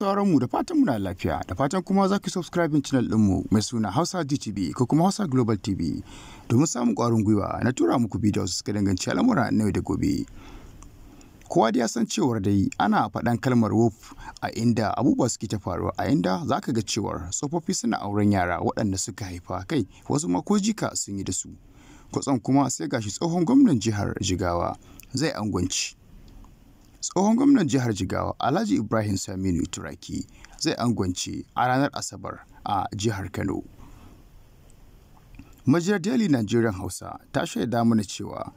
mu da fatan muna lafiya da fatan kuma za ku subscribe channel dinmu mai suna Hausa GTV ko kuma Hausa Global TV domin samun ƙwarin gwiwa na tura muku bidiyo su suka danganci al'amura na yau da gobe. Kowa da ya san cewar dai ana faɗan kalmar wolf a inda abubuwa suke ta faruwa a inda za ka ga cewar tsofaffi suna auren yara waɗanda suka haifa kai wasu ma ko jika sun yi da su. Kwatsam kuma sai gashi tsohon gwamnan jihar Jigawa zai angwanci. Tsohon gwamnan jihar Jigawa Alhaji Ibrahim Saminu Turaki zai angwance a ranar Asabar a jihar Kano. Majiyar Daily Nigerian Hausa ta shaida mana cewa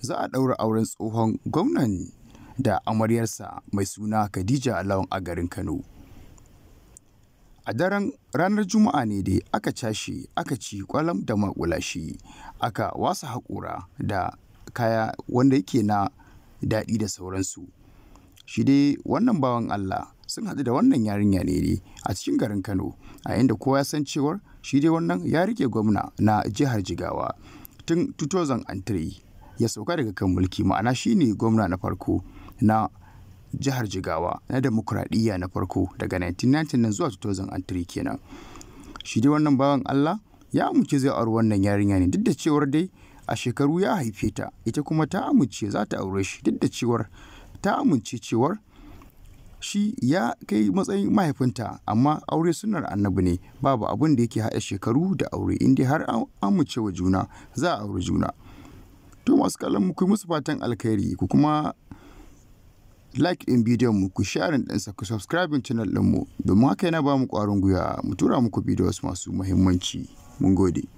za a ɗaura auren tsohon gwamnan da amaryarsa mai suna Khadija Lawan a garin Kano. A daren ranar Juma'a ne dai aka cashe aka ci kwalam da makulashi aka wasa haƙura da kaya wanda yake na daɗi da sauransu shi dai wannan bawan Allah sun haɗu da wannan yarinya ne ne a cikin garin Kano a inda kowa ya san cewar shi dai wannan ya rike gwamna na jihar Jigawa tun 2003 ya sauka daga kan mulki ma'ana shi ne gwamna na farko na jihar Jigawa na demokuraɗiyya na farko daga 1999 zuwa 2003 kenan shi dai wannan bawan Allah ya amince zai auri wannan yarinya ne duk da cewar dai a shekaru ya haife ta ita kuma ta amince za ta aure shi duk da cewar ta amince cewar shi ya kai matsayin mahaifinta amma aure sunar annabi ne babu abin da yake haɗa shekaru da aure inda har an amince wa juna za a aure juna to masu kallon mu musu fatan alkhairi ku kuma like ɗin bidiyon mu ku share ɗinsa ku subscribe channel ɗin mu domin haka yana ba mu ƙwarin gwiwa mu tura muku bidiyos masu muhimmanci mun gode